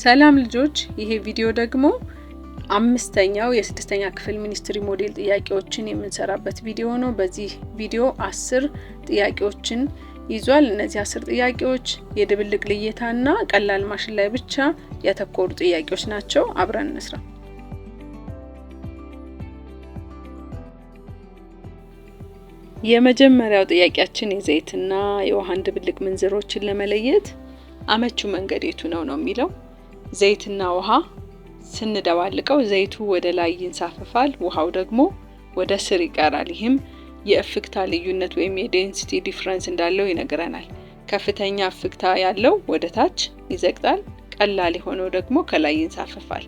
ሰላም ልጆች፣ ይሄ ቪዲዮ ደግሞ አምስተኛው የስድስተኛ ክፍል ሚኒስትሪ ሞዴል ጥያቄዎችን የምንሰራበት ቪዲዮ ነው። በዚህ ቪዲዮ አስር ጥያቄዎችን ይዟል። እነዚህ አስር ጥያቄዎች የድብልቅ ልየታና ቀላል ማሽን ላይ ብቻ ያተኮሩ ጥያቄዎች ናቸው። አብረን እንስራ። የመጀመሪያው ጥያቄያችን የዘይትና የውሃን ድብልቅ ምንዝሮችን ለመለየት አመቹ መንገድ የቱ ነው ነው የሚለው ዘይትና ውሃ ስንደባልቀው ዘይቱ ወደ ላይ ይንሳፈፋል፣ ውሃው ደግሞ ወደ ስር ይቀራል። ይህም የእፍግታ ልዩነት ወይም የዴንሲቲ ዲፍረንስ እንዳለው ይነግረናል። ከፍተኛ እፍግታ ያለው ወደ ታች ይዘግጣል፣ ቀላል የሆነው ደግሞ ከላይ ይንሳፈፋል።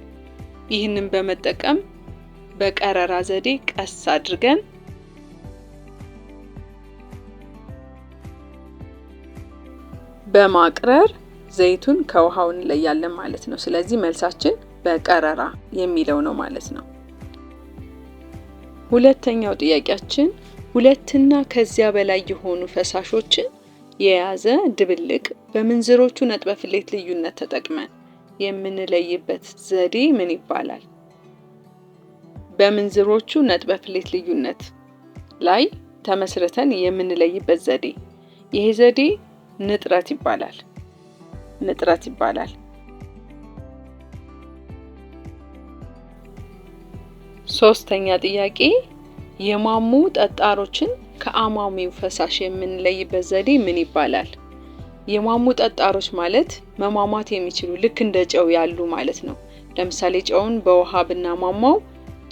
ይህንን በመጠቀም በቀረራ ዘዴ ቀስ አድርገን በማቅረር ዘይቱን ከውሃው እንለያለን ማለት ነው። ስለዚህ መልሳችን በቀረራ የሚለው ነው ማለት ነው። ሁለተኛው ጥያቄያችን ሁለትና ከዚያ በላይ የሆኑ ፈሳሾችን የያዘ ድብልቅ በምንዝሮቹ ነጥበ ፍሌት ልዩነት ተጠቅመን የምንለይበት ዘዴ ምን ይባላል? በምንዝሮቹ ነጥበ ፍሌት ልዩነት ላይ ተመስርተን የምንለይበት ዘዴ ይሄ ዘዴ ንጥረት ይባላል። ንጥረት ይባላል። ሶስተኛ ጥያቄ የማሙ ጠጣሮችን ከአማሚው ፈሳሽ የምንለይበት ዘዴ ምን ይባላል? የማሙ ጠጣሮች ማለት መሟሟት የሚችሉ ልክ እንደ ጨው ያሉ ማለት ነው። ለምሳሌ ጨውን በውሃ ብናሟሟው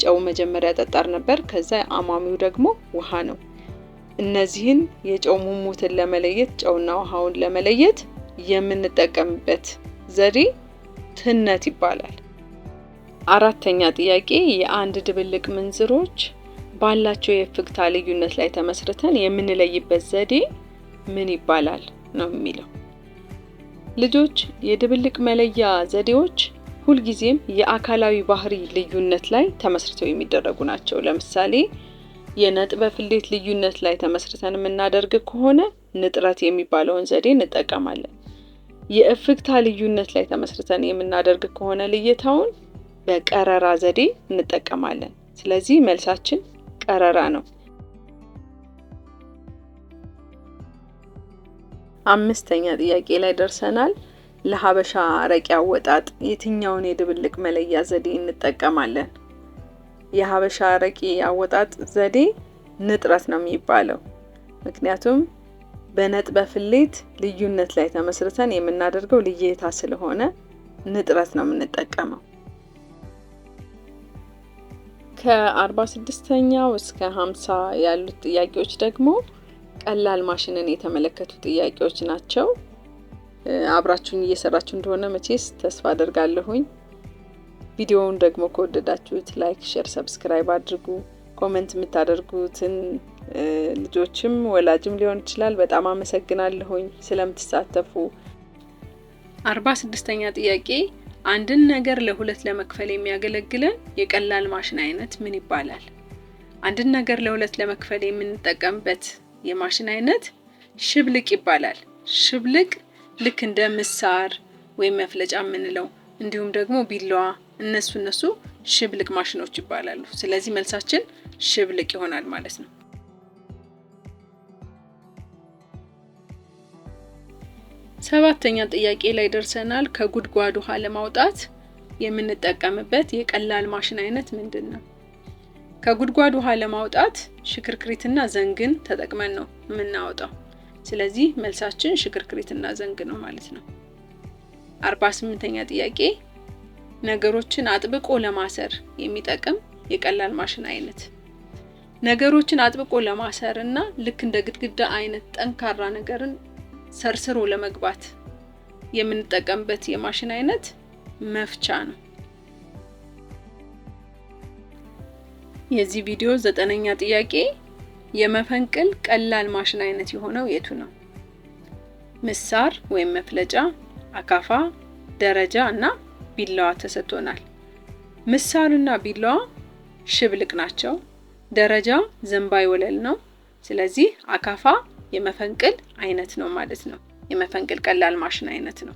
ጨው መጀመሪያ ጠጣር ነበር፣ ከዛ አማሚው ደግሞ ውሃ ነው። እነዚህን የጨው ሙሙትን ለመለየት ጨውና ውሃውን ለመለየት የምንጠቀምበት ዘዴ ትህነት ይባላል። አራተኛ ጥያቄ የአንድ ድብልቅ ምንዝሮች ባላቸው የእፍግታ ልዩነት ላይ ተመስርተን የምንለይበት ዘዴ ምን ይባላል ነው የሚለው። ልጆች የድብልቅ መለያ ዘዴዎች ሁልጊዜም የአካላዊ ባህሪ ልዩነት ላይ ተመስርተው የሚደረጉ ናቸው። ለምሳሌ የነጥበ ፍሌት ልዩነት ላይ ተመስርተን የምናደርግ ከሆነ ንጥረት የሚባለውን ዘዴ እንጠቀማለን። የእፍግታ ልዩነት ላይ ተመስርተን የምናደርግ ከሆነ ልየታውን በቀረራ ዘዴ እንጠቀማለን። ስለዚህ መልሳችን ቀረራ ነው። አምስተኛ ጥያቄ ላይ ደርሰናል። ለሀበሻ አረቄ አወጣጥ የትኛውን የድብልቅ መለያ ዘዴ እንጠቀማለን? የሀበሻ አረቄ አወጣጥ ዘዴ ንጥረት ነው የሚባለው ምክንያቱም በነጥበ ፍሌት ልዩነት ላይ ተመስርተን የምናደርገው ልየታ ስለሆነ ንጥረት ነው የምንጠቀመው። ከ46ኛው እስከ 50 ያሉት ጥያቄዎች ደግሞ ቀላል ማሽንን የተመለከቱ ጥያቄዎች ናቸው። አብራችሁን እየሰራችሁ እንደሆነ መቼስ ተስፋ አደርጋለሁኝ። ቪዲዮውን ደግሞ ከወደዳችሁት ላይክ፣ ሼር፣ ሰብስክራይብ አድርጉ። ኮመንት የምታደርጉትን ልጆችም ወላጅም ሊሆን ይችላል በጣም አመሰግናለሁኝ ስለምትሳተፉ። አርባ ስድስተኛ ጥያቄ አንድን ነገር ለሁለት ለመክፈል የሚያገለግለን የቀላል ማሽን አይነት ምን ይባላል? አንድን ነገር ለሁለት ለመክፈል የምንጠቀምበት የማሽን አይነት ሽብልቅ ይባላል። ሽብልቅ ልክ እንደ ምሳር ወይም መፍለጫ የምንለው እንዲሁም ደግሞ ቢላዋ እነሱ እነሱ ሽብልቅ ማሽኖች ይባላሉ። ስለዚህ መልሳችን ሽብልቅ ይሆናል ማለት ነው። ሰባተኛ ጥያቄ ላይ ደርሰናል። ከጉድጓድ ውሃ ለማውጣት የምንጠቀምበት የቀላል ማሽን አይነት ምንድን ነው? ከጉድጓድ ውሃ ለማውጣት ሽክርክሪትና ዘንግን ተጠቅመን ነው የምናወጣው። ስለዚህ መልሳችን ሽክርክሪትና ዘንግ ነው ማለት ነው። አርባ ስምንተኛ ጥያቄ ነገሮችን አጥብቆ ለማሰር የሚጠቅም የቀላል ማሽን አይነት። ነገሮችን አጥብቆ ለማሰር እና ልክ እንደ ግድግዳ አይነት ጠንካራ ነገርን ሰርስሮ ለመግባት የምንጠቀምበት የማሽን አይነት መፍቻ ነው። የዚህ ቪዲዮ ዘጠነኛ ጥያቄ የመፈንቅል ቀላል ማሽን አይነት የሆነው የቱ ነው? ምሳር ወይም መፍለጫ፣ አካፋ፣ ደረጃ እና ቢላዋ ተሰጥቶናል። ምሳሉና ቢላዋ ሽብልቅ ናቸው። ደረጃ ዘንባይ ወለል ነው። ስለዚህ አካፋ የመፈንቅል አይነት ነው ማለት ነው። የመፈንቅል ቀላል ማሽን አይነት ነው።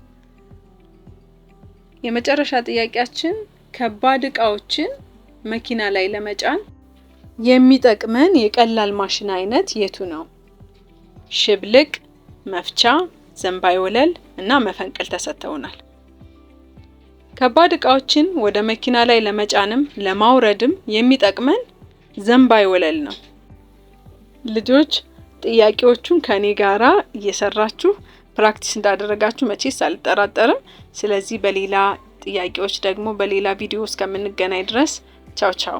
የመጨረሻ ጥያቄያችን ከባድ እቃዎችን መኪና ላይ ለመጫን የሚጠቅመን የቀላል ማሽን አይነት የቱ ነው? ሽብልቅ፣ መፍቻ፣ ዘንባይ ወለል እና መፈንቅል ተሰጥተውናል። ከባድ እቃዎችን ወደ መኪና ላይ ለመጫንም ለማውረድም የሚጠቅመን ዘንባይ ወለል ነው። ልጆች ጥያቄዎቹን ከኔ ጋራ እየሰራችሁ ፕራክቲስ እንዳደረጋችሁ መቼስ አልጠራጠርም። ስለዚህ በሌላ ጥያቄዎች ደግሞ በሌላ ቪዲዮ እስከምንገናኝ ድረስ ቻው ቻው።